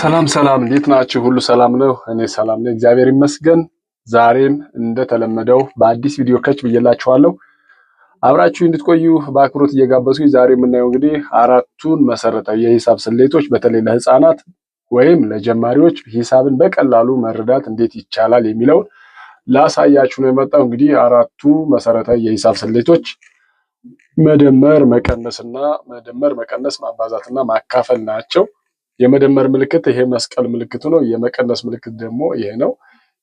ሰላም ሰላም፣ እንዴት ናችሁ? ሁሉ ሰላም ነው? እኔ ሰላም ነኝ፣ እግዚአብሔር ይመስገን። ዛሬም እንደተለመደው በአዲስ ቪዲዮ ከች ብዬላችኋለሁ። አብራችሁ እንድትቆዩ በአክብሮት እየጋበዝኩኝ ዛሬ የምናየው እንግዲህ አራቱን መሰረታዊ የሂሳብ ስሌቶች በተለይ ለህፃናት ወይም ለጀማሪዎች ሂሳብን በቀላሉ መረዳት እንዴት ይቻላል የሚለውን ላሳያችሁ ነው የመጣው። እንግዲህ አራቱ መሰረታዊ የሂሳብ ስሌቶች መደመር፣ መቀነስና መደመር፣ መቀነስ፣ ማባዛትና ማካፈል ናቸው። የመደመር ምልክት ይሄ መስቀል ምልክቱ ነው። የመቀነስ ምልክት ደግሞ ይሄ ነው።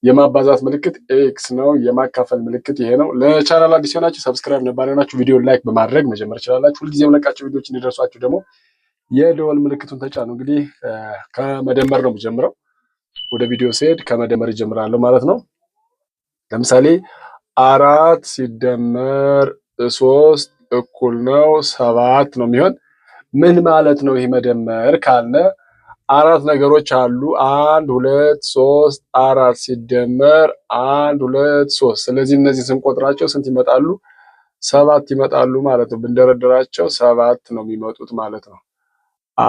የማባዛት ምልክት ኤክስ ነው። የማካፈል ምልክት ይሄ ነው። ለቻናል አዲስ የሆናችሁ ሰብስክራይብ፣ ነባር የሆናችሁ ቪዲዮ ላይክ በማድረግ መጀመር ይችላላችሁ። ሁልጊዜ ለቃቸው ቪዲዮዎች እንዲደርሷችሁ ደግሞ የደወል ምልክቱን ተጫኑ። እንግዲህ ከመደመር ነው የምጀምረው። ወደ ቪዲዮ ሲሄድ ከመደመር ይጀምራለሁ ማለት ነው። ለምሳሌ አራት ሲደመር ሶስት እኩል ነው ሰባት ነው የሚሆን ምን ማለት ነው? ይህ መደመር ካልነ አራት ነገሮች አሉ። አንድ ሁለት ሶስት አራት ሲደመር አንድ ሁለት ሶስት። ስለዚህ እነዚህ ስንቆጥራቸው ስንት ይመጣሉ? ሰባት ይመጣሉ ማለት ነው። ብንደረደራቸው ሰባት ነው የሚመጡት ማለት ነው።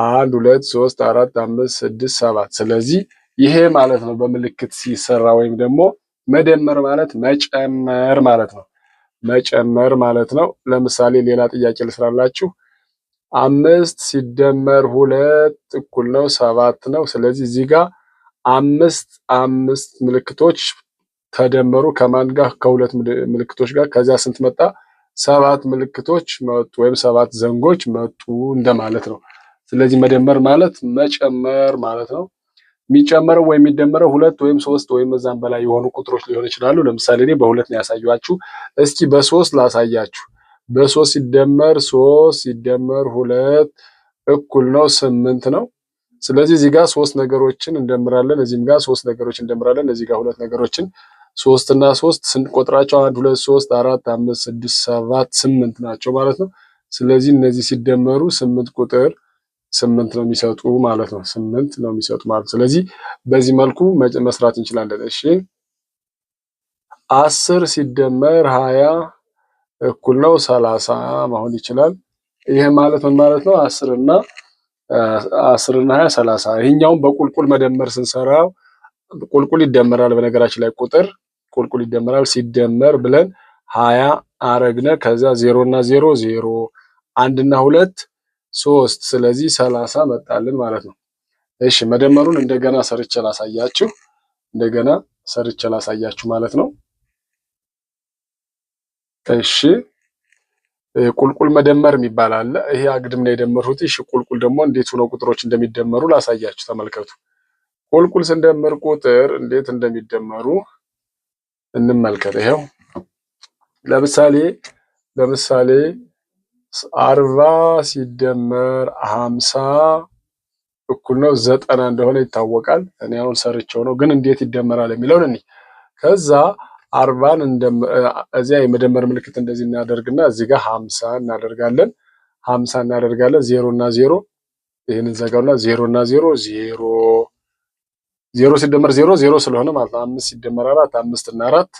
አንድ ሁለት ሶስት አራት አምስት ስድስት ሰባት። ስለዚህ ይሄ ማለት ነው በምልክት ሲሰራ ወይም ደግሞ መደመር ማለት መጨመር ማለት ነው። መጨመር ማለት ነው። ለምሳሌ ሌላ ጥያቄ ልስራላችሁ። አምስት ሲደመር ሁለት እኩል ነው ሰባት ነው። ስለዚህ እዚህ ጋር አምስት አምስት ምልክቶች ተደመሩ ከማን ጋር? ከሁለት ምልክቶች ጋር። ከዚያ ስንት መጣ? ሰባት ምልክቶች መጡ ወይም ሰባት ዘንጎች መጡ እንደማለት ነው። ስለዚህ መደመር ማለት መጨመር ማለት ነው። የሚጨመረው ወይም የሚደመረው ሁለት ወይም ሶስት ወይም እዛም በላይ የሆኑ ቁጥሮች ሊሆን ይችላሉ። ለምሳሌ እኔ በሁለት ነው እስኪ በሶስት ላሳያችሁ። በሶስት ሲደመር ሶስት ሲደመር ሁለት እኩል ነው ስምንት ነው። ስለዚህ እዚህ ጋር ሶስት ነገሮችን እንደምራለን፣ እዚህም ጋር ሶስት ነገሮችን እንደምራለን፣ እዚህ ጋር ሁለት ነገሮችን ሶስት እና ሶስት ስንቆጥራቸው አንድ ሁለት ሶስት አራት አምስት ስድስት ሰባት ስምንት ናቸው ማለት ነው። ስለዚህ እነዚህ ሲደመሩ ስምንት ቁጥር ስምንት ነው የሚሰጡ ማለት ነው። ስምንት ነው የሚሰጡ ማለት ነው። ስለዚህ በዚህ መልኩ መስራት እንችላለን። እሺ አስር ሲደመር ሀያ እኩል ነው ሰላሳ መሆን ይችላል። ይሄ ማለት ምን ማለት ነው? አስርና አስርና ሀያ ሰላሳ ይህኛውን በቁልቁል መደመር ስንሰራው ቁልቁል ይደመራል። በነገራችን ላይ ቁጥር ቁልቁል ይደመራል። ሲደመር ብለን ሀያ አረግነ ከዛ ዜሮ እና ዜሮ ዜሮ አንድ እና ሁለት ሶስት ስለዚህ ሰላሳ መጣልን ማለት ነው። እሺ መደመሩን እንደገና ሰርቼ ላሳያችሁ እንደገና ሰርቼ ላሳያችሁ ማለት ነው። እሺ ቁልቁል መደመር የሚባል አለ። ይሄ አግድም ነው የደመርሁት። እሺ ቁልቁል ደግሞ እንዴት ሆኖ ቁጥሮች እንደሚደመሩ ላሳያችሁ። ተመልከቱ። ቁልቁል ስንደምር ቁጥር እንዴት እንደሚደመሩ እንመልከት። ይሄው ለምሳሌ ለምሳሌ አርባ ሲደመር ሀምሳ እኩል ነው ዘጠና እንደሆነ ይታወቃል። እኔ አሁን ሰርቼው ነው ግን እንዴት ይደመራል የሚለውን እኔ ከዛ አርባን እዚያ የመደመር ምልክት እንደዚህ እናደርግና እዚህ ጋር ሀምሳ እናደርጋለን ሀምሳ እናደርጋለን ዜሮ እና ዜሮ ይህን ዘጋውና ዜሮ እና ዜሮ ዜሮ ዜሮ ሲደመር ዜሮ ዜሮ ስለሆነ ማለት ነው። አምስት ሲደመር አራት አምስት እና አራት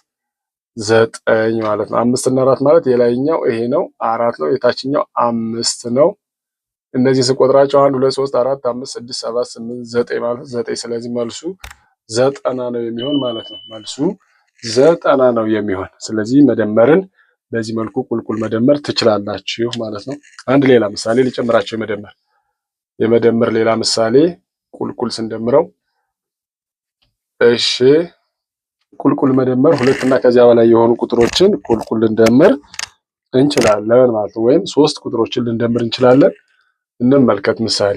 ዘጠኝ ማለት ነው። አምስት እና አራት ማለት የላይኛው ይሄ ነው አራት ነው፣ የታችኛው አምስት ነው። እነዚህ ስቆጥራቸው አንድ ሁለት ሶስት አራት አምስት ስድስት ሰባት ስምንት ዘጠኝ ማለት ዘጠኝ። ስለዚህ መልሱ ዘጠና ነው የሚሆን ማለት ነው መልሱ ዘጠና ነው የሚሆን። ስለዚህ መደመርን በዚህ መልኩ ቁልቁል መደመር ትችላላችሁ ማለት ነው። አንድ ሌላ ምሳሌ ልጨምራቸው። የመደመር የመደመር ሌላ ምሳሌ ቁልቁል ስንደምረው፣ እሺ ቁልቁል መደመር ሁለት እና ከዚያ በላይ የሆኑ ቁጥሮችን ቁልቁል ልንደምር እንችላለን ማለት ነው። ወይም ሶስት ቁጥሮችን ልንደምር እንችላለን። እንመልከት ምሳሌ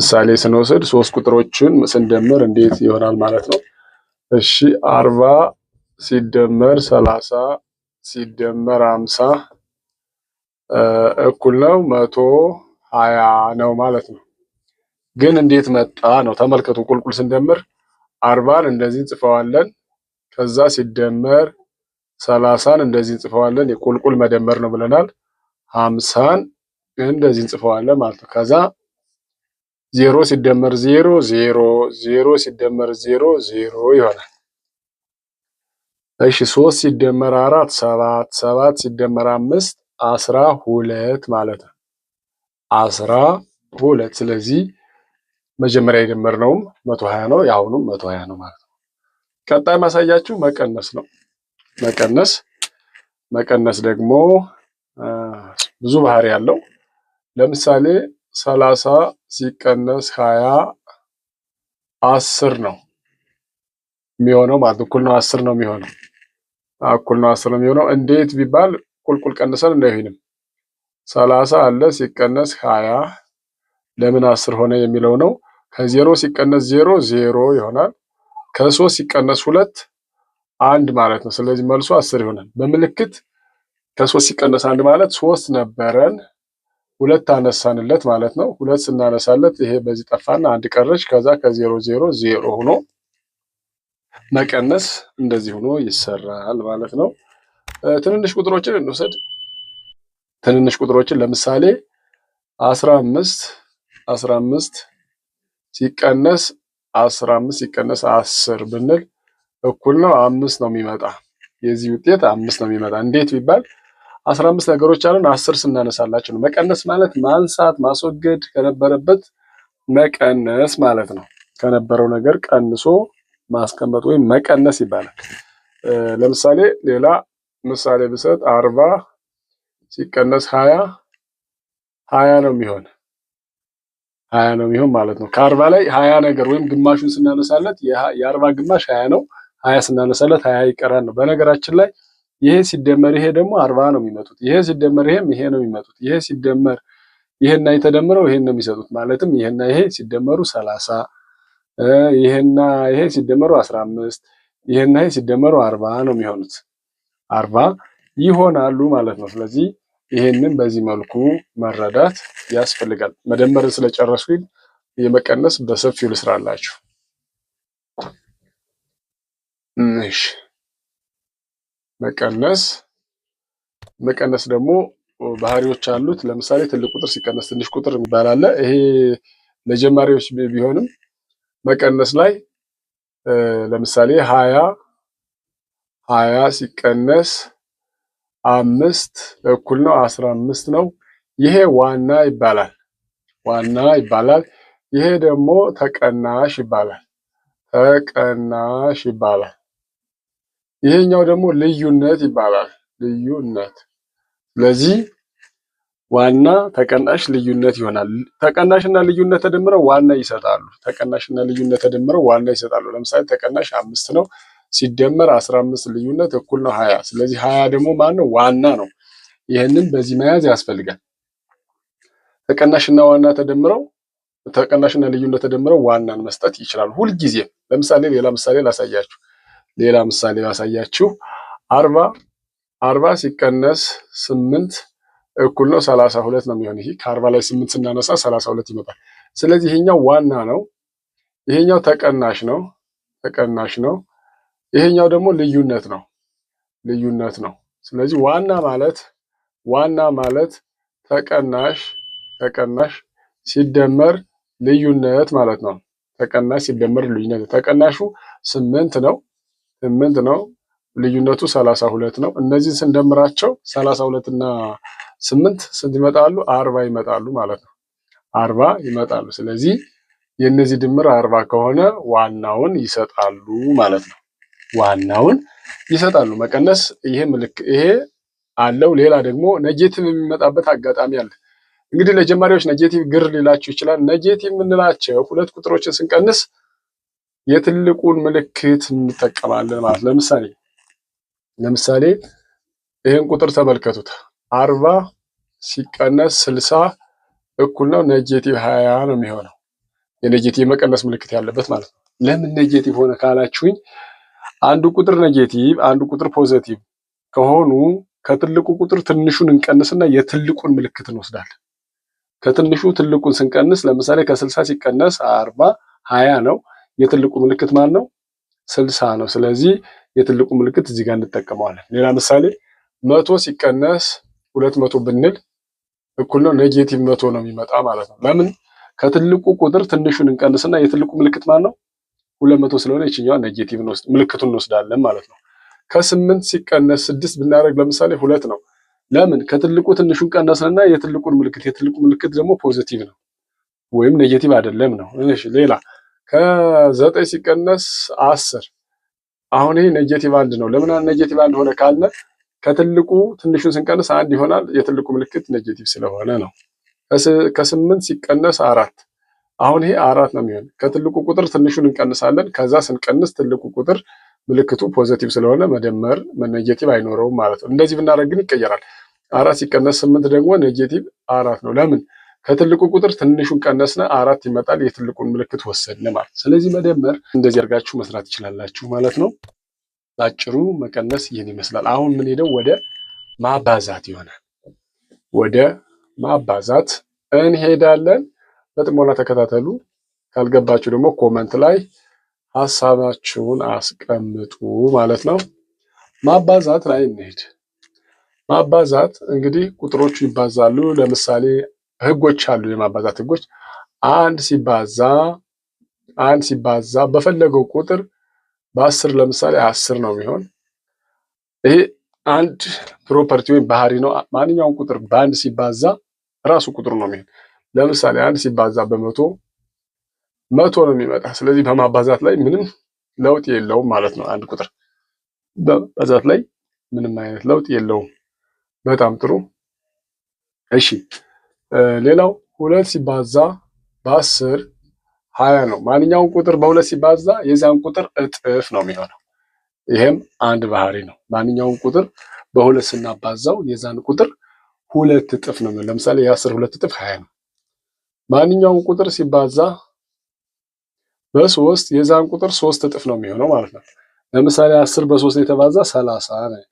ምሳሌ ስንወስድ ሶስት ቁጥሮችን ስንደምር እንዴት ይሆናል ማለት ነው። እሺ አርባ ሲደመር ሰላሳ ሲደመር አምሳ እኩል ነው መቶ ሀያ ነው ማለት ነው። ግን እንዴት መጣ ነው? ተመልከቱ። ቁልቁል ስንደምር አርባን እንደዚህ እንጽፈዋለን። ከዛ ሲደመር ሰላሳን እንደዚህ እንጽፈዋለን። የቁልቁል መደመር ነው ብለናል። ሀምሳን እንደዚህ እንጽፈዋለን ማለት ነው። ከዛ ዜሮ ሲደመር ዜሮ ዜሮ ዜሮ ሲደመር ዜሮ ዜሮ ይሆናል። እሺ ሶስት ሲደመር አራት ሰባት ሰባት ሲደመር አምስት አስራ ሁለት ማለት ነው። አስራ ሁለት ስለዚህ መጀመሪያ የደመርነውም መቶ ሀያ ነው የአሁኑም መቶ ሀያ ነው ማለት ነው። ቀጣይ ማሳያችሁ መቀነስ ነው። መቀነስ መቀነስ ደግሞ ብዙ ባህሪ ያለው ለምሳሌ ሰላሳ ሲቀነስ ሀያ አስር ነው የሚሆነው ማለት ነው። እኩል ነው አስር ነው የሚሆነው። እኩል ነው አስር ነው የሚሆነው። እንዴት ቢባል ቁልቁል ቀንሰን እንዳይሆንም ሰላሳ አለ ሲቀነስ ሀያ ለምን አስር ሆነ የሚለው ነው። ከዜሮ ሲቀነስ ዜሮ ዜሮ ይሆናል። ከሶስት ሲቀነስ ሁለት አንድ ማለት ነው። ስለዚህ መልሱ አስር ይሆናል። በምልክት ከሶስት ሲቀነስ አንድ ማለት ሶስት ነበረን ሁለት አነሳንለት ማለት ነው። ሁለት ስናነሳለት ይሄ በዚህ ጠፋና አንድ ቀረች። ከዛ ከዜሮ ዜሮ ዜሮ ሆኖ መቀነስ እንደዚህ ሆኖ ይሰራል ማለት ነው። ትንንሽ ቁጥሮችን እንውሰድ። ትንንሽ ቁጥሮችን ለምሳሌ አስራ አምስት አስራ አምስት ሲቀነስ አስራ አምስት ሲቀነስ አስር ብንል እኩል ነው አምስት ነው የሚመጣ የዚህ ውጤት አምስት ነው የሚመጣ እንዴት ቢባል አስራ አምስት ነገሮች አሉን። አስር ስናነሳላቸው ነው። መቀነስ ማለት ማንሳት፣ ማስወገድ ከነበረበት መቀነስ ማለት ነው። ከነበረው ነገር ቀንሶ ማስቀመጥ ወይም መቀነስ ይባላል። ለምሳሌ ሌላ ምሳሌ ብሰጥ አርባ ሲቀነስ ሀያ ሀያ ነው የሚሆን ሀያ ነው የሚሆን ማለት ነው። ከአርባ ላይ ሀያ ነገር ወይም ግማሹን ስናነሳለት የአርባ ግማሽ ሀያ ነው። ሀያ ስናነሳለት ሀያ ይቀራል ነው በነገራችን ላይ ይሄ ሲደመር ይሄ ደግሞ አርባ ነው የሚመጡት። ይሄ ሲደመር ይሄም ይሄ ነው የሚመጡት። ይሄ ሲደመር ይሄና የተደምረው ይሄን ነው የሚሰጡት። ማለትም ይሄና ይሄ ሲደመሩ ሰላሳ ይሄና ይሄ ሲደመሩ አስራ አምስት ይሄና ይሄ ሲደመሩ አርባ ነው የሚሆኑት። አርባ ይሆናሉ ማለት ነው። ስለዚህ ይሄንን በዚህ መልኩ መረዳት ያስፈልጋል። መደመርን ስለጨረስኩኝ የመቀነስ በሰፊው ልስራላችሁ። እሺ መቀነስ መቀነስ ደግሞ ባህሪዎች አሉት። ለምሳሌ ትልቅ ቁጥር ሲቀነስ ትንሽ ቁጥር የሚባል አለ። ይሄ ለጀማሪዎች ቢሆንም መቀነስ ላይ ለምሳሌ ሀያ ሀያ ሲቀነስ አምስት እኩል ነው አስራ አምስት ነው። ይሄ ዋና ይባላል ዋና ይባላል። ይሄ ደግሞ ተቀናሽ ይባላል ተቀናሽ ይባላል። ይሄኛው ደግሞ ልዩነት ይባላል። ልዩነት ስለዚህ ዋና ተቀናሽ ልዩነት ይሆናል። ተቀናሽና ልዩነት ተደምረው ዋና ይሰጣሉ። ተቀናሽና ልዩነት ተደምረው ዋና ይሰጣሉ። ለምሳሌ ተቀናሽ አምስት ነው ሲደመር አስራ አምስት ልዩነት እኩል ነው ሀያ ስለዚህ ሀያ ደግሞ ማን ነው ዋና ነው። ይህንን በዚህ መያዝ ያስፈልጋል። ተቀናሽና ዋና ተደምረው ተቀናሽና ልዩነት ተደምረው ዋናን መስጠት ይችላሉ ሁልጊዜም። ለምሳሌ ሌላ ምሳሌ ላሳያችሁ። ሌላ ምሳሌ ያሳያችሁ አርባ አርባ ሲቀነስ ስምንት እኩል ነው ሰላሳ ሁለት ነው የሚሆን። ይሄ ከአርባ ላይ ስምንት ስናነሳ ሰላሳ ሁለት ይመጣል። ስለዚህ ይሄኛው ዋና ነው፣ ይሄኛው ተቀናሽ ነው ተቀናሽ ነው፣ ይሄኛው ደግሞ ልዩነት ነው ልዩነት ነው። ስለዚህ ዋና ማለት ዋና ማለት ተቀናሽ ተቀናሽ ሲደመር ልዩነት ማለት ነው። ተቀናሽ ሲደመር ልዩነት ተቀናሹ ስምንት ነው። ስምንት ነው። ልዩነቱ ሰላሳ ሁለት ነው። እነዚህን ስንደምራቸው ሰላሳ ሁለት እና ስምንት ስንት ይመጣሉ? አርባ ይመጣሉ ማለት ነው። አርባ ይመጣሉ። ስለዚህ የእነዚህ ድምር አርባ ከሆነ ዋናውን ይሰጣሉ ማለት ነው። ዋናውን ይሰጣሉ። መቀነስ ይሄ ምልክ ይሄ አለው። ሌላ ደግሞ ነጌቲቭ የሚመጣበት አጋጣሚ አለ። እንግዲህ ለጀማሪዎች ነጌቲቭ ግር ሊላችሁ ይችላል። ነጌቲቭ የምንላቸው ሁለት ቁጥሮችን ስንቀንስ የትልቁን ምልክት እንጠቀማለን ማለት ለምሳሌ ለምሳሌ ይህን ቁጥር ተመልከቱት አርባ ሲቀነስ ስልሳ እኩል ነው ኔጌቲቭ ሀያ ነው የሚሆነው የኔጌቲቭ መቀነስ ምልክት ያለበት ማለት ነው። ለምን ኔጌቲቭ ሆነ ካላችሁኝ አንዱ ቁጥር ነጌቲቭ አንዱ ቁጥር ፖዘቲቭ ከሆኑ ከትልቁ ቁጥር ትንሹን እንቀንስና የትልቁን ምልክት እንወስዳለን። ከትንሹ ትልቁን ስንቀንስ ለምሳሌ ከስልሳ ሲቀነስ አርባ ሀያ ነው። የትልቁ ምልክት ማን ነው? ስልሳ ነው። ስለዚህ የትልቁ ምልክት እዚህ ጋር እንጠቀመዋለን። ሌላ ምሳሌ መቶ ሲቀነስ ሁለት መቶ ብንል እኩል ነው ኔጌቲቭ መቶ ነው የሚመጣ ማለት ነው። ለምን ከትልቁ ቁጥር ትንሹን እንቀንስና የትልቁ ምልክት ማን ነው? ሁለት መቶ ስለሆነ ይችኛዋ ኔጌቲቭ ምልክቱን እንወስዳለን ማለት ነው። ከስምንት ሲቀነስ ስድስት ብናደርግ ለምሳሌ ሁለት ነው። ለምን ከትልቁ ትንሹን ቀነስንና የትልቁን ምልክት የትልቁ ምልክት ደግሞ ፖዚቲቭ ነው ወይም ኔጌቲቭ አይደለም ነው። እሺ ሌላ ከዘጠኝ ሲቀነስ አስር አሁን ይሄ ኔጌቲቭ አንድ ነው። ለምን ኔጌቲቭ አንድ ሆነ ካልነ ከትልቁ ትንሹን ስንቀንስ አንድ ይሆናል። የትልቁ ምልክት ኔጌቲቭ ስለሆነ ነው። ከስምንት ሲቀነስ አራት አሁን ይሄ አራት ነው የሚሆን። ከትልቁ ቁጥር ትንሹን እንቀንሳለን። ከዛ ስንቀንስ ትልቁ ቁጥር ምልክቱ ፖዘቲቭ ስለሆነ መደመር ኔጌቲቭ አይኖረውም ማለት ነው። እንደዚህ ብናደርግ ግን ይቀየራል። አራት ሲቀነስ ስምንት ደግሞ ኔጌቲቭ አራት ነው። ለምን ከትልቁ ቁጥር ትንሹን ቀነስነ አራት ይመጣል። የትልቁን ምልክት ወሰድን ማለት። ስለዚህ መደመር እንደዚህ አድርጋችሁ መስራት ይችላላችሁ ማለት ነው። በአጭሩ መቀነስ ይህን ይመስላል። አሁን ምን ሄደው ወደ ማባዛት ይሆናል። ወደ ማባዛት እንሄዳለን። በጥሞና ተከታተሉ። ካልገባችሁ ደግሞ ኮመንት ላይ ሀሳባችሁን አስቀምጡ ማለት ነው። ማባዛት ላይ እንሄድ። ማባዛት እንግዲህ ቁጥሮቹ ይባዛሉ። ለምሳሌ ህጎች አሉ። የማባዛት ህጎች አንድ ሲባዛ አንድ ሲባዛ በፈለገው ቁጥር በአስር ለምሳሌ አስር ነው የሚሆን። ይሄ አንድ ፕሮፐርቲ ወይም ባህሪ ነው። ማንኛውም ቁጥር በአንድ ሲባዛ ራሱ ቁጥሩ ነው የሚሆን። ለምሳሌ አንድ ሲባዛ በመቶ መቶ ነው የሚመጣ። ስለዚህ በማባዛት ላይ ምንም ለውጥ የለውም ማለት ነው። አንድ ቁጥር በማባዛት ላይ ምንም አይነት ለውጥ የለውም። በጣም ጥሩ እሺ። ሌላው ሁለት ሲባዛ በአስር ሀያ ነው። ማንኛውም ቁጥር በሁለት ሲባዛ የዚያን ቁጥር እጥፍ ነው የሚሆነው። ይሄም አንድ ባህሪ ነው። ማንኛውም ቁጥር በሁለት ስናባዛው የዛን ቁጥር ሁለት እጥፍ ነው ለምሳሌ የአስር ሁለት እጥፍ ሀያ ነው። ማንኛውም ቁጥር ሲባዛ በሶስት የዛን ቁጥር ሶስት እጥፍ ነው የሚሆነው ማለት ነው። ለምሳሌ አስር በሶስት የተባዛ ሰላሳ ነው።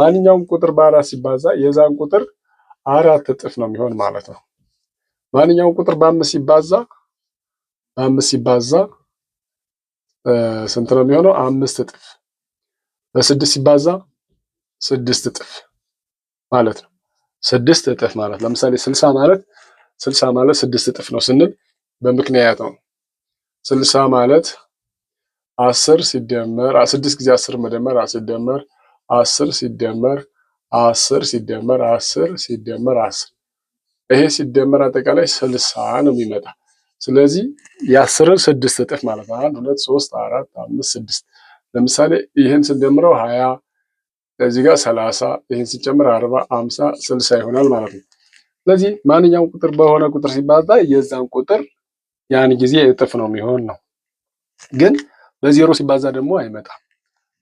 ማንኛውም ቁጥር በአራት ሲባዛ የዛን ቁጥር አራት እጥፍ ነው የሚሆን ማለት ነው። ማንኛውም ቁጥር በአምስት ሲባዛ በአምስት ሲባዛ ስንት ነው የሚሆነው? አምስት እጥፍ። በስድስት ሲባዛ ስድስት እጥፍ ማለት ነው። ስድስት እጥፍ ማለት ለምሳሌ ስልሳ ማለት ስልሳ ማለት ስድስት እጥፍ ነው ስንል በምክንያት ነው። ስልሳ ማለት አስር ሲደመር ስድስት ጊዜ አስር መደመር ሲደመር አስር ሲደመር አስር ሲደመር አስር ሲደመር አስር ይሄ ሲደመር አጠቃላይ ስልሳ ነው የሚመጣ። ስለዚህ የአስርን ስድስት እጥፍ ማለት ነው። አንድ ሁለት ሶስት አራት አምስት ስድስት። ለምሳሌ ይህን ስንደምረው ሀያ እዚህ ጋር ሰላሳ ይህን ሲጨምር አርባ አምሳ ስልሳ ይሆናል ማለት ነው። ስለዚህ ማንኛውም ቁጥር በሆነ ቁጥር ሲባዛ የዛን ቁጥር ያን ጊዜ እጥፍ ነው የሚሆን ነው። ግን በዜሮ ሲባዛ ደግሞ አይመጣም።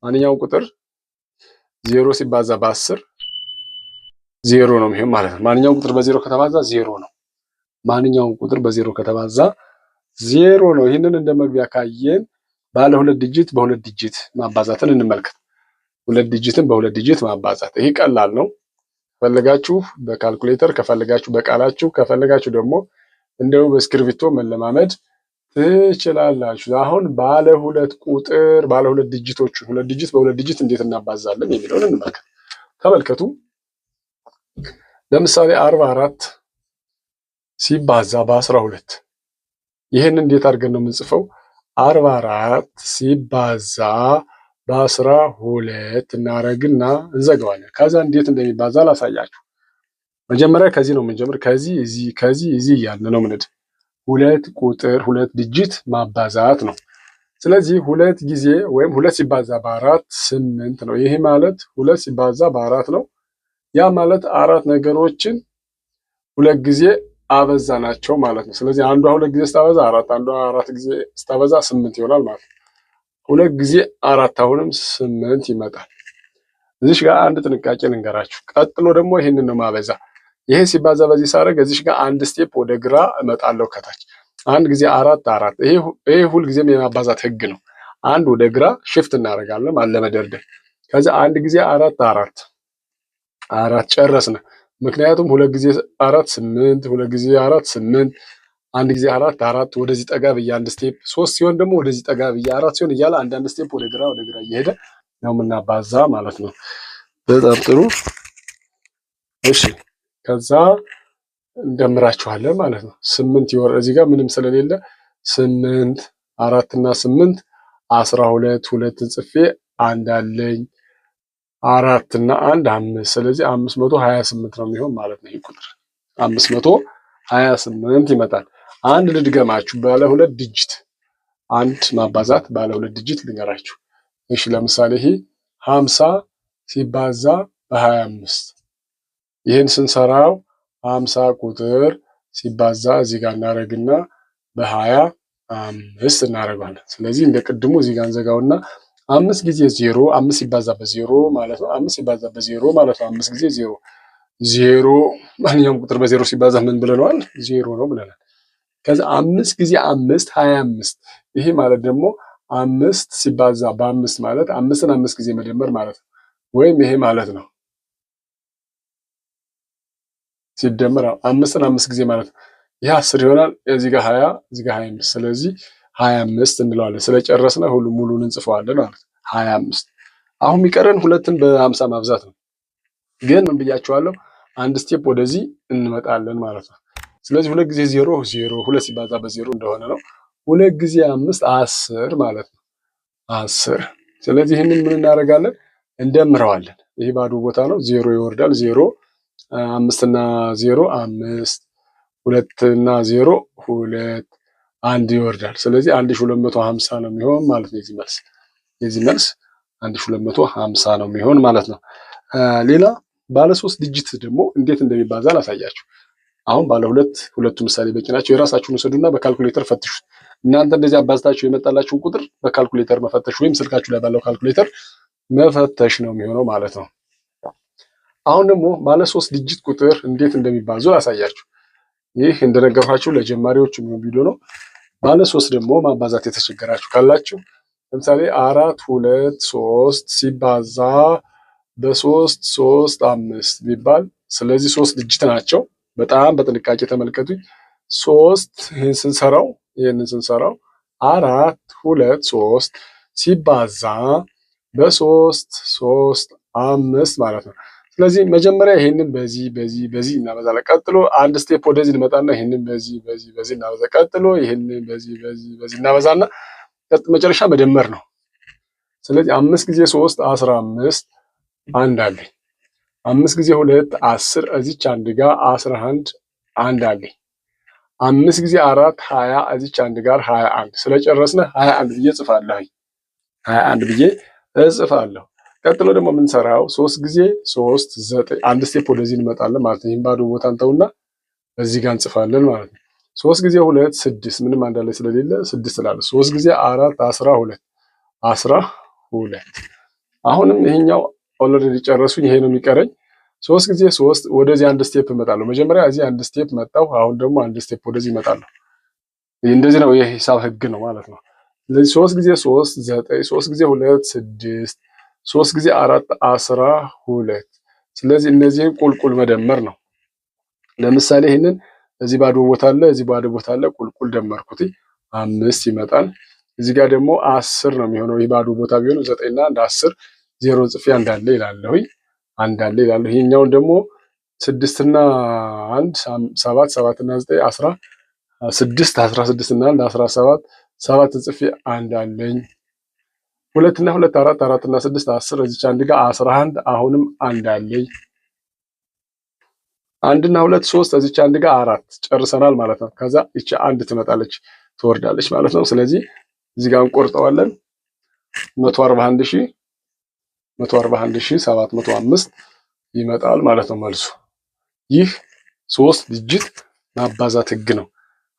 ማንኛውም ቁጥር ዜሮ ሲባዛ በአስር ዜሮ ነው ይሄ ማለት ነው። ማንኛውም ቁጥር በዜሮ ከተባዛ ዜሮ ነው። ማንኛውም ቁጥር በዜሮ ከተባዛ ዜሮ ነው። ይህንን እንደ መግቢያ ካየን ባለ ሁለት ዲጂት በሁለት ዲጂት ማባዛትን እንመልከት። ሁለት ዲጂትን በሁለት ዲጂት ማባዛት ይሄ ቀላል ነው። ከፈለጋችሁ በካልኩሌተር ከፈለጋችሁ በቃላችሁ ከፈለጋችሁ ደግሞ እንደው በእስክርቢቶ መለማመድ ትችላላችሁ። አሁን ባለ ሁለት ቁጥር ባለ ሁለት ዲጂቶቹ ሁለት ዲጂት በሁለት ዲጂት እንዴት እናባዛለን የሚለውን እንመልከት። ተመልከቱ። ለምሳሌ አርባ አራት ሲባዛ በአስራ ሁለት ይህን እንዴት አድርገን ነው የምንጽፈው? አርባ አራት ሲባዛ በአስራ ሁለት እናረግና እንዘጋዋለን። ከዛ እንዴት እንደሚባዛ ላሳያችሁ። መጀመሪያ ከዚህ ነው የምንጀምር። ከዚህ እዚህ ከዚህ እዚህ እያልን ነው ምንድ ሁለት ቁጥር ሁለት ድጅት ማባዛት ነው። ስለዚህ ሁለት ጊዜ ወይም ሁለት ሲባዛ በአራት ስምንት ነው። ይሄ ማለት ሁለት ሲባዛ በአራት ነው ያ ማለት አራት ነገሮችን ሁለት ጊዜ አበዛ ናቸው ማለት ነው። ስለዚህ አንዷ ሁለት ጊዜ ስታበዛ አራት፣ አንዷ አራት ጊዜ ስታበዛ ስምንት ይሆናል ማለት ነው። ሁለት ጊዜ አራት አሁንም ስምንት ይመጣል። እዚሽ ጋር አንድ ጥንቃቄ ልንገራችሁ። ቀጥሎ ደግሞ ይህንን ነው ማበዛ። ይሄ ሲባዛ በዚህ ሳደርግ እዚሽ ጋር አንድ ስቴፕ ወደ ግራ እመጣለሁ ከታች አንድ ጊዜ አራት አራት። ይሄ ሁልጊዜም የማባዛት ህግ ነው። አንድ ወደ ግራ ሽፍት እናደርጋለን አለመደርደር። ከዚያ አንድ ጊዜ አራት አራት አራት ጨረስን። ምክንያቱም ሁለት ጊዜ አራት ስምንት፣ ሁለት ጊዜ አራት ስምንት፣ አንድ ጊዜ አራት አራት፣ ወደዚህ ጠጋ ብዬ አንድ ስቴፕ፣ ሶስት ሲሆን ደግሞ ወደዚህ ጠጋ ብዬ አራት ሲሆን እያለ አንዳንድ ስቴፕ ወደ ግራ ወደ ግራ እየሄደ ነው የምናባዛ ማለት ነው። በጣም ጥሩ። እሺ ከዛ እንደምራችኋለን ማለት ነው። ስምንት ይወር እዚህ ጋር ምንም ስለሌለ ስምንት አራትና ስምንት አስራ ሁለት ሁለትን ጽፌ አንድ አለኝ አራት እና አንድ አምስት ስለዚህ አምስት መቶ ሀያ ስምንት ነው የሚሆን ማለት ነው። ይህ ቁጥር አምስት መቶ ሀያ ስምንት ይመጣል። አንድ ልድገማችሁ፣ ባለ ሁለት ድጅት አንድ ማባዛት ባለ ሁለት ድጅት ልንገራችሁ። እሺ ለምሳሌ ይሄ ሀምሳ ሲባዛ በሀያ አምስት ይህን ስንሰራው ሀምሳ ቁጥር ሲባዛ እዚህ ጋር እናደርግና በሀያ አምስት እናደርገዋለን። ስለዚህ እንደ ቅድሙ እዚህ ጋር እንዘጋውና አምስት ጊዜ ዜሮ አምስት ሲባዛ በዜሮ ማለት ነው። አምስት ሲባዛ በዜሮ ማለት ነው። አምስት ጊዜ ዜሮ ዜሮ ማንኛውም ቁጥር በዜሮ ሲባዛ ምን ብለነዋል? ዜሮ ነው ብለናል። ከዚ አምስት ጊዜ አምስት ሀያ አምስት ይሄ ማለት ደግሞ አምስት ሲባዛ በአምስት ማለት አምስትን አምስት ጊዜ መደመር ማለት ነው። ወይም ይሄ ማለት ነው ሲደመር አምስትን አምስት ጊዜ ማለት ነው። ይህ አስር ይሆናል። እዚህ ጋር ሀያ እዚህ ጋር ሀያ አምስት ስለዚህ ሀያ አምስት እንለዋለን። ስለጨረስነ ሁሉ ሙሉን እንጽፈዋለን ማለት ነው። ሀያ አምስት አሁን የሚቀረን ሁለትን በሀምሳ ማብዛት ነው። ግን ምን ብያቸዋለሁ? አንድ ስቴፕ ወደዚህ እንመጣለን ማለት ነው። ስለዚህ ሁለት ጊዜ ዜሮ ዜሮ፣ ሁለት ሲባዛ በዜሮ እንደሆነ ነው። ሁለት ጊዜ አምስት አስር ማለት ነው። አስር ስለዚህ ይህንን ምን እናደርጋለን? እንደምረዋለን። ይህ ባዶ ቦታ ነው። ዜሮ ይወርዳል። ዜሮ አምስትና ዜሮ አምስት፣ ሁለትና ዜሮ ሁለት አንድ ይወርዳል። ስለዚህ 1250 ነው የሚሆን ማለት ነው። የዚህ መልስ የዚህ መልስ 1250 ነው የሚሆን ማለት ነው። ሌላ ባለ ሶስት ዲጂት ደግሞ እንዴት እንደሚባዛ ላሳያችሁ። አሁን ባለ ሁለት ሁለቱ ምሳሌ በቂ ናቸው። የራሳችሁን ውሰዱና በካልኩሌተር ፈትሹት። እናንተ እንደዚህ አባዝታችሁ የመጣላችሁ ቁጥር በካልኩሌተር መፈተሽ ወይም ስልካችሁ ላይ ባለው ካልኩሌተር መፈተሽ ነው የሚሆነው ማለት ነው። አሁን ደግሞ ባለ ሶስት ዲጂት ቁጥር እንዴት እንደሚባዙ ላሳያችሁ። ይህ እንደነገርኳችሁ ለጀማሪዎች የሚሆን ቪዲዮ ነው። ባለ ሶስት ደግሞ ማባዛት የተቸገራችሁ ካላችሁ ለምሳሌ አራት ሁለት ሶስት ሲባዛ በሶስት ሶስት አምስት ቢባል ስለዚህ ሶስት ድጅት ናቸው። በጣም በጥንቃቄ ተመልከቱኝ። ሶስት ይህን ስንሰራው ይህንን ስንሰራው አራት ሁለት ሶስት ሲባዛ በሶስት ሶስት አምስት ማለት ነው። ስለዚህ መጀመሪያ ይሄንን በዚህ በዚህ በዚህ እናበዛለን። ቀጥሎ አንድ ስቴፕ ወደዚህ እንመጣና ይሄንን በዚህ በዚህ በዚህ እናበዛ። ቀጥሎ ይሄንን በዚህ በዚህ በዚህ እናበዛና መጨረሻ መደመር ነው። ስለዚህ አምስት ጊዜ ሶስት አስራ አምስት አንድ አለኝ። አምስት ጊዜ ሁለት አስር እዚች አንድ ጋር አስራ አንድ አንድ አለኝ። አምስት ጊዜ አራት ሀያ እዚች አንድ ጋር ሀያ አንድ ስለጨረስነ ሀያ አንድ ብዬ እጽፋለሁ። ሀያ አንድ ብዬ እጽፋለሁ። ቀጥሎ ደግሞ የምንሰራው ሶስት ጊዜ ሶስት ዘጠኝ አንድ ስቴፕ ወደዚህ እንመጣለን ማለት ነው። ይህም ባዶ ቦታ እንተውና እዚህ ጋር እንጽፋለን ማለት ነው። ሶስት ጊዜ ሁለት ስድስት ምንም አንድ ስለሌለ ስድስት እላለሁ። ሶስት ጊዜ አራት አስራ ሁለት አስራ ሁለት አሁንም ይሄኛው ኦልሬዲ ጨረሱኝ። ይሄ ነው የሚቀረኝ። ሶስት ጊዜ ሶስት ወደዚህ አንድ ስቴፕ እመጣለሁ። መጀመሪያ እዚህ አንድ ስቴፕ መጣሁ። አሁን ደግሞ አንድ ስቴፕ ወደዚህ እመጣለሁ። እንደዚህ ነው የሂሳብ ህግ ነው ማለት ነው። ስለዚህ ሶስት ጊዜ ሶስት ዘጠኝ ሶስት ጊዜ ሁለት ስድስት ሶስት ጊዜ አራት አስራ ሁለት ስለዚህ እነዚህን ቁልቁል መደመር ነው። ለምሳሌ ይህንን እዚህ ባዶ ቦታ አለ፣ እዚህ ባዶ ቦታ አለ፣ ቁልቁል ደመርኩት አምስት ይመጣል። እዚህ ጋር ደግሞ አስር ነው የሚሆነው። ይህ ባዶ ቦታ ቢሆን ዘጠኝና አንድ አስር ዜሮ ጽፌ አንዳለ ይላለሁ አንዳለ ይላለሁ። ይህኛውን ደግሞ ስድስትና አንድ ሰባት ሰባትና ዘጠኝ አስራ ስድስት አስራ ስድስትና አንድ አስራ ሰባት ሰባት ጽፌ አንዳለኝ ሁለትና ሁለት አራት አራትና ስድስት አስር እዚች አንድ ጋር አስራ አንድ አሁንም አንድ አለኝ። አንድና ሁለት ሶስት እዚች አንድ ጋር አራት ጨርሰናል ማለት ነው። ከዛ ይቺ አንድ ትመጣለች ትወርዳለች ማለት ነው። ስለዚህ እዚህ ጋር እንቆርጠዋለን 141000 141705 ይመጣል ማለት ነው መልሱ። ይህ ሶስት ዲጂት ማባዛት ህግ ነው።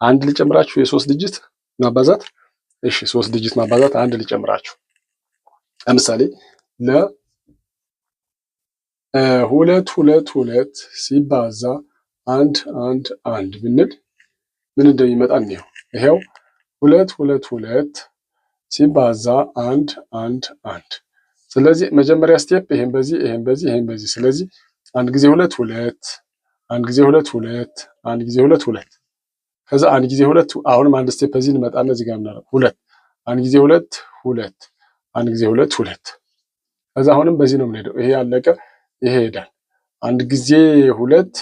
አንድ ልጨምራችሁ የሶስት ዲጂት ማባዛት እሺ፣ ሶስት ዲጂት ማባዛት አንድ ልጨምራችሁ ለምሳሌ ለ ሁለት ሁለት ሁለት ሲባዛ አንድ አንድ አንድ ብንል ምን እንደሚመጣ እንየው። ይሄው ሁለት ሁለት ሁለት ሲባዛ አንድ አንድ አንድ። ስለዚህ መጀመሪያ ስቴፕ ይሄን በዚህ ይሄን በዚህ ይሄን በዚህ ስለዚህ አንድ ጊዜ ሁለት ሁለት አንድ ጊዜ ሁለት ሁለት አንድ ጊዜ ሁለት ሁለት ከዛ አንድ ጊዜ ሁለት አሁንም አንድ ስቴፕ በዚህ እንመጣለን። እዚህ ጋር ሁለት አንድ ጊዜ ሁለት ሁለት አንድ ጊዜ ሁለት ሁለት። ከዛ አሁንም በዚህ ነው የምንሄደው። ይሄ ያለቀ ይሄ ይሄዳል። አንድ ጊዜ ሁለት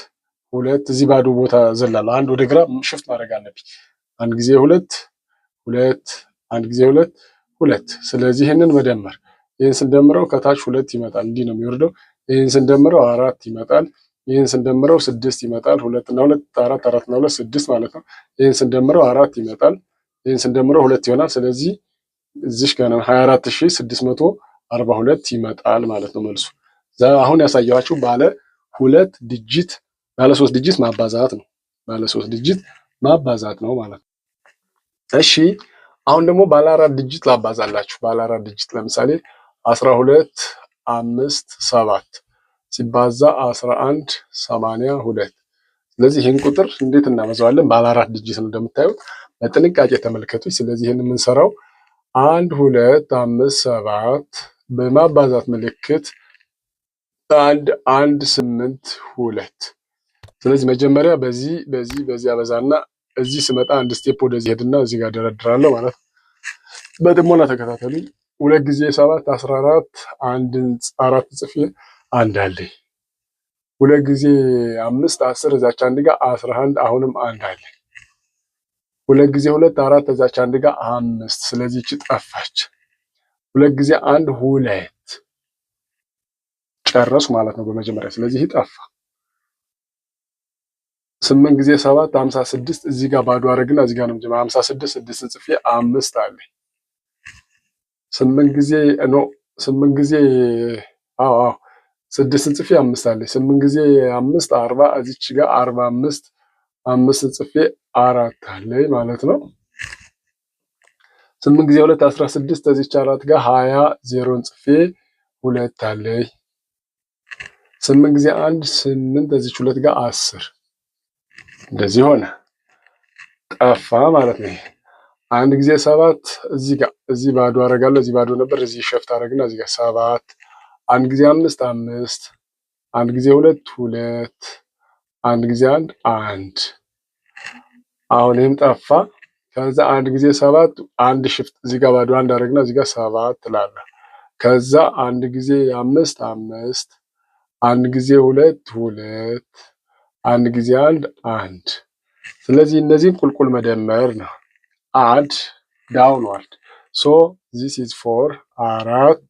ሁለት። እዚህ ባዶ ቦታ ዘላለሁ። አንድ ወደ ግራ ሽፍት ማድረግ አለብኝ። አንድ ጊዜ ሁለት ሁለት፣ አንድ ጊዜ ሁለት ሁለት። ስለዚህ ይህንን መደመር ይህን ስንደምረው ከታች ሁለት ይመጣል። እንዲህ ነው የሚወርደው። ይህን ስንደምረው አራት ይመጣል። ይህን ስንደምረው ስድስት ይመጣል። ሁለት እና ሁለት አራት፣ አራት እና ሁለት ስድስት ማለት ነው። ይህን ስንደምረው አራት ይመጣል። ይህን ስንደምረው ሁለት ይሆናል። ስለዚህ እዚሽ ጋር ነው 24642 ይመጣል ማለት ነው መልሱ። አሁን ያሳየኋችሁ ባለ ሁለት ዲጂት ባለ ሶስት ዲጂት ማባዛት ነው። ባለ ሶስት ዲጂት ማባዛት ነው ማለት ነው። እሺ አሁን ደግሞ ባለ አራት ዲጂት ላባዛላችሁ። ባለ አራት ዲጂት ለምሳሌ 12 5 ሰባት ሲባዛ 11 82 ስለዚህ ይህን ቁጥር እንዴት እናበዛዋለን? ባለ አራት ዲጂት ነው እንደምታዩት። በጥንቃቄ ተመልከቱ። ስለዚህ ይህን የምንሰራው አንድ ሁለት አምስት ሰባት በማባዛት ምልክት አንድ አንድ ስምንት ሁለት። ስለዚህ መጀመሪያ በዚህ በዚህ በዚህ አበዛና እዚህ ስመጣ አንድ ስቴፕ ወደዚህ ሄድና እዚህ ጋር ደረድራለሁ ማለት ነው። በጥሞና ተከታተሉኝ። ሁለት ጊዜ ሰባት አስራ አራት አንድ አራት ጽፌ አንድ አለኝ። ሁለት ጊዜ አምስት አስር እዛች አንድ ጋር አስራ አንድ አሁንም አንድ አለኝ። ሁለት ጊዜ ሁለት አራት፣ ከዛች አንድ ጋር አምስት። ስለዚህ እቺ ጠፋች። ሁለት ጊዜ አንድ ሁለት፣ ጨረሱ ማለት ነው በመጀመሪያ። ስለዚህ ጠፋ። ስምንት ጊዜ ሰባት ሀምሳ ስድስት እዚህ ጋር ባዶ አረግና እዚህ ጋር ነው የምጀምረው። ሀምሳ ስድስት ስድስት ጽፌ አምስት አለ ስምንት ጊዜ ኖ ስምንት ጊዜ አዎ አዎ ስድስት ጽፌ አምስት አለ ስምንት ጊዜ አምስት አርባ እዚች ጋር አርባ አምስት አምስት ጽፌ አራት አለኝ ማለት ነው። ስምንት ጊዜ ሁለት አስራ ስድስት ከዚች አራት ጋር ሀያ ዜሮን ጽፌ ሁለት አለኝ። ስምንት ጊዜ አንድ ስምንት ከዚች ሁለት ጋር አስር እንደዚህ ሆነ ጠፋ ማለት ነው። አንድ ጊዜ ሰባት እዚህ ጋር እዚህ ባዶ አደርጋለሁ። እዚህ ባዶ ነበር። እዚህ ሸፍት አደርግና እዚህ ጋር ሰባት። አንድ ጊዜ አምስት አምስት። አንድ ጊዜ ሁለት ሁለት አንድ ጊዜ አንድ አንድ። አሁን ይህም ጠፋ። ከዛ አንድ ጊዜ ሰባት አንድ ሽፍት እዚህ ጋር ባዶ አንድ አደረግና እዚህ ጋር ሰባት ትላለ። ከዛ አንድ ጊዜ አምስት አምስት፣ አንድ ጊዜ ሁለት ሁለት፣ አንድ ጊዜ አንድ አንድ። ስለዚህ እነዚህን ቁልቁል መደመር ነው። አድ ዳውንዋርድ ሶ ዚስ ኢዝ ፎር አራት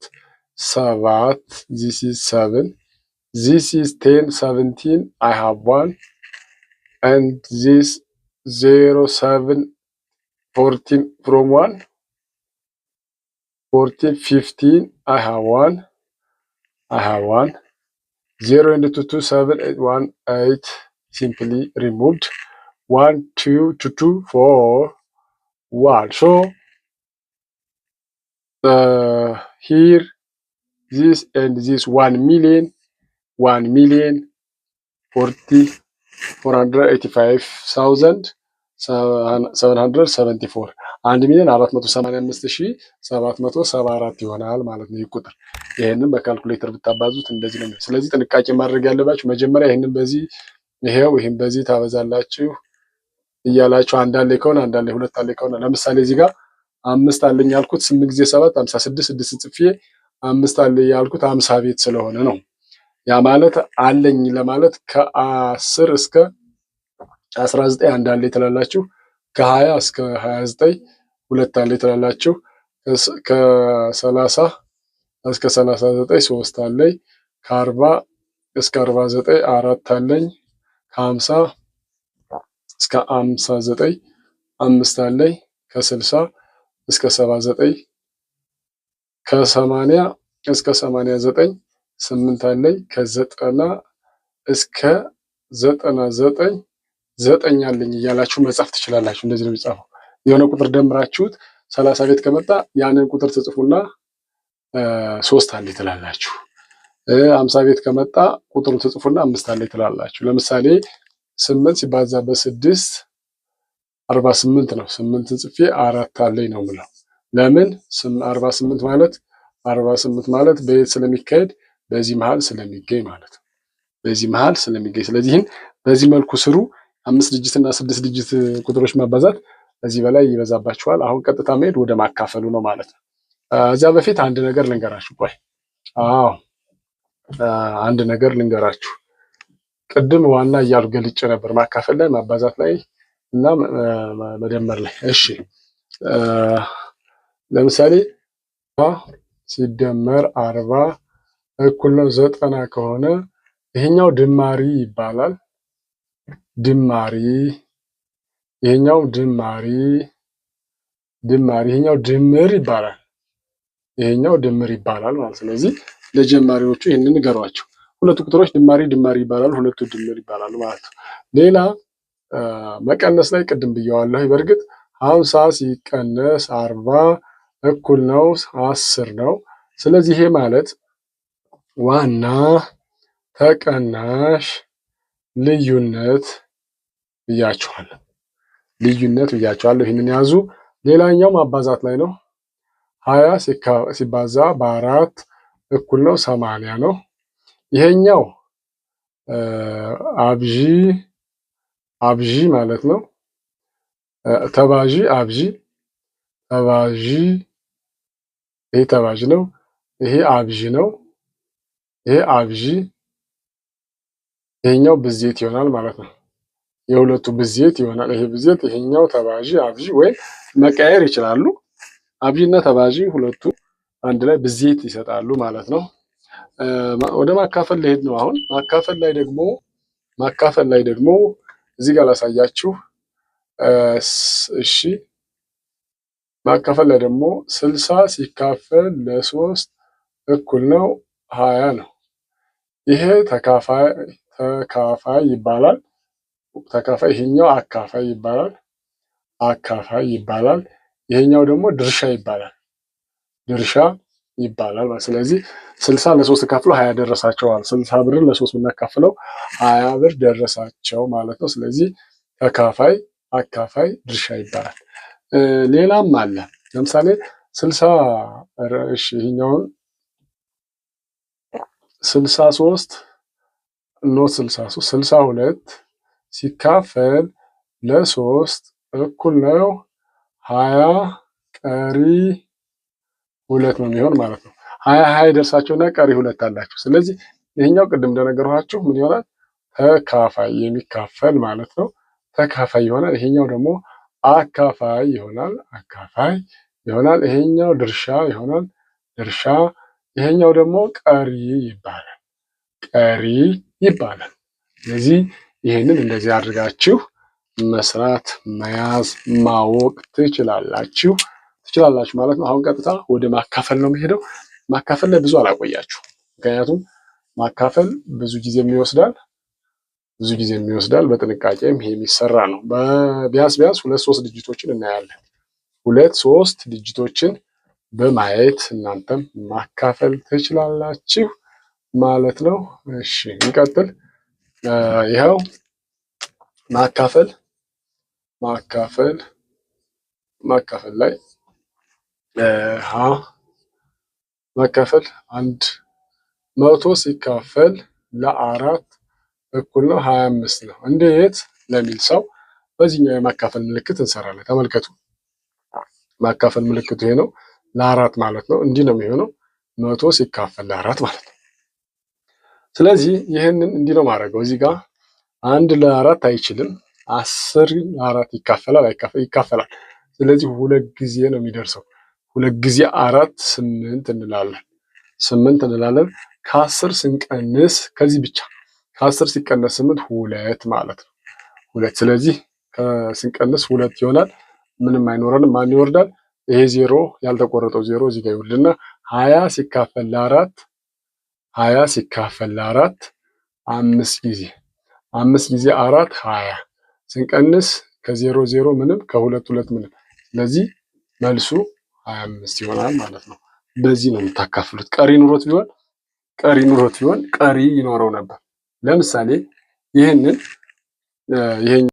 ሰባት ዚስ ኢዝ ሰብን This is 10, 17. I have one. And this 0, 7, 14 from one. 14, 15. I have one. I have one. 0 into 2, 7, 8, 1, 8. Simply removed. 1, 2, 2, 2, 4, 1. So uh, here, this and this 1 million ዋን ሚሊየን ፎርቲ ፎር ሀንድረድ ኤቲ ፋይቭ ሳውዘንድ ሰቨን ሀንድረድ ሰቨንቲ ፎር አንድ ሚሊዮን አራት መቶ ሰማንያ አምስት ሺ ሰባት መቶ ሰባ አራት ይሆናል ማለት ነው ይህ ቁጥር። ይህንን በካልኩሌተር ብታባዙት እንደዚህ ነው። ስለዚህ ጥንቃቄ ማድረግ ያለባችሁ መጀመሪያ ይህንን በዚህ ይሄው ይህም በዚህ ታበዛላችሁ እያላችሁ አንድ ከሆነ አንድ አለ ሁለት አለ ከሆነ ለምሳሌ እዚህ ጋር አምስት አለኝ ያልኩት ስምንት ጊዜ ሰባት ሀምሳ ስድስት ስድስት ጽፌ አምስት አለ ያልኩት አምሳ ቤት ስለሆነ ነው። ያ ማለት አለኝ ለማለት ከአስር እስከ አስራ ዘጠኝ አንድ አለኝ ትላላችሁ። ከሀያ እስከ ሀያ ዘጠኝ ሁለት አለኝ ትላላችሁ። ከሰላሳ እስከ ሰላሳ ዘጠኝ ሶስት አለኝ። ከአርባ እስከ አርባ ዘጠኝ አራት አለኝ። ከሀምሳ እስከ አምሳ ዘጠኝ አምስት አለኝ። ከስልሳ እስከ ሰባ ዘጠኝ ከሰማንያ እስከ ሰማንያ ዘጠኝ ስምንት አለኝ ከዘጠና እስከ ዘጠና ዘጠኝ ዘጠኝ አለኝ እያላችሁ መጻፍ ትችላላችሁ። እንደዚህ ነው የሚጻፈው። የሆነ ቁጥር ደምራችሁት ሰላሳ ቤት ከመጣ ያንን ቁጥር ትጽፉና ሶስት አለ ትላላችሁ። አምሳ ቤት ከመጣ ቁጥሩ ትጽፉና አምስት አለ ትላላችሁ። ለምሳሌ ስምንት ሲባዛ በስድስት አርባ ስምንት ነው። ስምንትን ጽፌ አራት አለኝ ነው ምለው። ለምን አርባ ስምንት ማለት አርባ ስምንት ማለት በየት ስለሚካሄድ በዚህ መሀል ስለሚገኝ ማለት ነው። በዚህ መሀል ስለሚገኝ ስለዚህም በዚህ መልኩ ስሩ። አምስት እና ስድስት ድጅት ቁጥሮች ማባዛት ከዚህ በላይ ይበዛባችኋል። አሁን ቀጥታ መሄድ ወደ ማካፈሉ ነው ማለት ነው። እዚያ በፊት አንድ ነገር ልንገራችሁ። ቆይ አዎ፣ አንድ ነገር ልንገራችሁ። ቅድም ዋና እያሉ ገልጭ ነበር፣ ማካፈል ላይ ማባዛት ላይ እና መደመር ላይ። እሺ ለምሳሌ ሲደመር አርባ እኩል ነው ዘጠና ከሆነ ይሄኛው ድማሪ ይባላል። ድማሪ ይሄኛው ድማሪ ድማሪ ይሄኛው ድምር ይባላል። ይሄኛው ድምር ይባላል ማለት ስለዚህ ለጀማሪዎቹ ይህንን ንገሯቸው። ሁለቱ ቁጥሮች ድማሪ ድማሪ ይባላሉ፣ ሁለቱ ድምር ይባላሉ ማለት ነው። ሌላ መቀነስ ላይ ቅድም ብየዋለሁ። በእርግጥ ሀምሳ ሲቀነስ አርባ እኩል ነው አስር ነው። ስለዚህ ይሄ ማለት ዋና ተቀናሽ ልዩነት ብያቸዋለሁ ልዩነት ብያቸዋለሁ። ይህንን ያዙ። ሌላኛው ማባዛት ላይ ነው። ሀያ ሲባዛ በአራት እኩል ነው ሰማንያ ነው። ይሄኛው አብዢ አብዢ ማለት ነው። ተባዢ አብዢ ተባዢ ይሄ ተባዥ ነው። ይሄ አብዢ ነው። ይሄ አብዢ ይሄኛው ብዜት ይሆናል ማለት ነው። የሁለቱ ብዜት ይሆናል። ይሄ ብዜት ይሄኛው ተባዢ አብዢ ወይም መቀየር ይችላሉ። እና ተባዢ ሁለቱ አንድ ላይ ብዜት ይሰጣሉ ማለት ነው። ወደ ማካፈል ልሄድ ነው አሁን። ማካፈል ላይ ደግሞ ማካፈል ላይ ደግሞ እዚህ ጋር ላሳያችሁ። እሺ ማካፈል ላይ ደግሞ ስልሳ ሲካፈል ለሶስት እኩል ነው ሀያ ነው። ይሄ ተካፋይ ይባላል። ተካፋይ ይሄኛው አካፋይ ይባላል። አካፋይ ይባላል። ይሄኛው ደግሞ ድርሻ ይባላል። ድርሻ ይባላል። ስለዚህ ስልሳ ለሶስት ከፍለው ሀያ ደረሳቸዋል። ስልሳ ብርን ለሶስት ብናካፍለው ሀያ ብር ደረሳቸው ማለት ነው። ስለዚህ ተካፋይ፣ አካፋይ፣ ድርሻ ይባላል። ሌላም አለ። ለምሳሌ ስልሳ ይሄኛውን ስልሳ ሶስት ኖት ስልሳ ሶስት ስልሳ ሁለት ሲካፈል ለሶስት እኩል ነው ሀያ ቀሪ ሁለት ነው የሚሆን ማለት ነው። ሀያ ሀያ ይደርሳቸውና ቀሪ ሁለት አላቸው። ስለዚህ ይህኛው ቅድም እንደነገርኋችሁ ምን ይሆናል? ተካፋይ የሚካፈል ማለት ነው። ተካፋይ ይሆናል። ይሄኛው ደግሞ አካፋይ ይሆናል። አካፋይ ይሆናል። ይሄኛው ድርሻ ይሆናል። ድርሻ ይሄኛው ደግሞ ቀሪ ይባላል። ቀሪ ይባላል። ስለዚህ ይህንን እንደዚህ አድርጋችሁ መስራት መያዝ ማወቅ ትችላላችሁ ትችላላችሁ ማለት ነው። አሁን ቀጥታ ወደ ማካፈል ነው የሚሄደው። ማካፈል ላይ ብዙ አላቆያችሁ፣ ምክንያቱም ማካፈል ብዙ ጊዜ የሚወስዳል ብዙ ጊዜ የሚወስዳል። በጥንቃቄም ይሄ የሚሰራ ነው። ቢያንስ ቢያንስ ሁለት ሶስት ድጅቶችን እናያለን። ሁለት ሶስት ድጅቶችን በማየት እናንተም ማካፈል ትችላላችሁ ማለት ነው። እሺ እንቀጥል። ይኸው ማካፈል ማካፈል ማካፈል ላይ ሀ ማካፈል አንድ መቶ ሲካፈል ለአራት እኩል ነው ሀያ አምስት ነው። እንዴት ለሚል ሰው በዚህኛው የማካፈል ምልክት እንሰራለን። ተመልከቱ፣ ማካፈል ምልክቱ ይሄ ነው። ለአራት ማለት ነው። እንዲህ ነው የሚሆነው መቶ ሲካፈል ለአራት ማለት ነው። ስለዚህ ይህንን እንዲህ ነው ማድረገው። እዚህ ጋር አንድ ለአራት አይችልም። አስር ለአራት ይካፈላል ይካፈላል። ስለዚህ ሁለት ጊዜ ነው የሚደርሰው። ሁለት ጊዜ አራት ስምንት እንላለን ስምንት እንላለን። ከአስር ስንቀንስ ከዚህ ብቻ ከአስር ሲቀነስ ስምንት ሁለት ማለት ነው። ሁለት ስለዚህ ስንቀንስ ሁለት ይሆናል። ምንም አይኖረንም። ማን ይወርዳል? ይሄ ዜሮ ያልተቆረጠው ዜሮ እዚህ ጋር ይውልና ሀያ ሲካፈል ለአራት ሀያ ሲካፈል ለአራት አምስት ጊዜ አምስት ጊዜ አራት ሀያ ስንቀንስ ከዜሮ ዜሮ ምንም ከሁለት ሁለት ምንም። ስለዚህ መልሱ ሀያ አምስት ይሆናል ማለት ነው። በዚህ ነው የምታካፍሉት። ቀሪ ኑሮት ቢሆን ቀሪ ኑሮት ቢሆን ቀሪ ይኖረው ነበር። ለምሳሌ ይህንን